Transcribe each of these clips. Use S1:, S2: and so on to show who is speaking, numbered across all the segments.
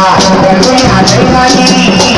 S1: 啊，共产党最满意。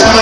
S1: let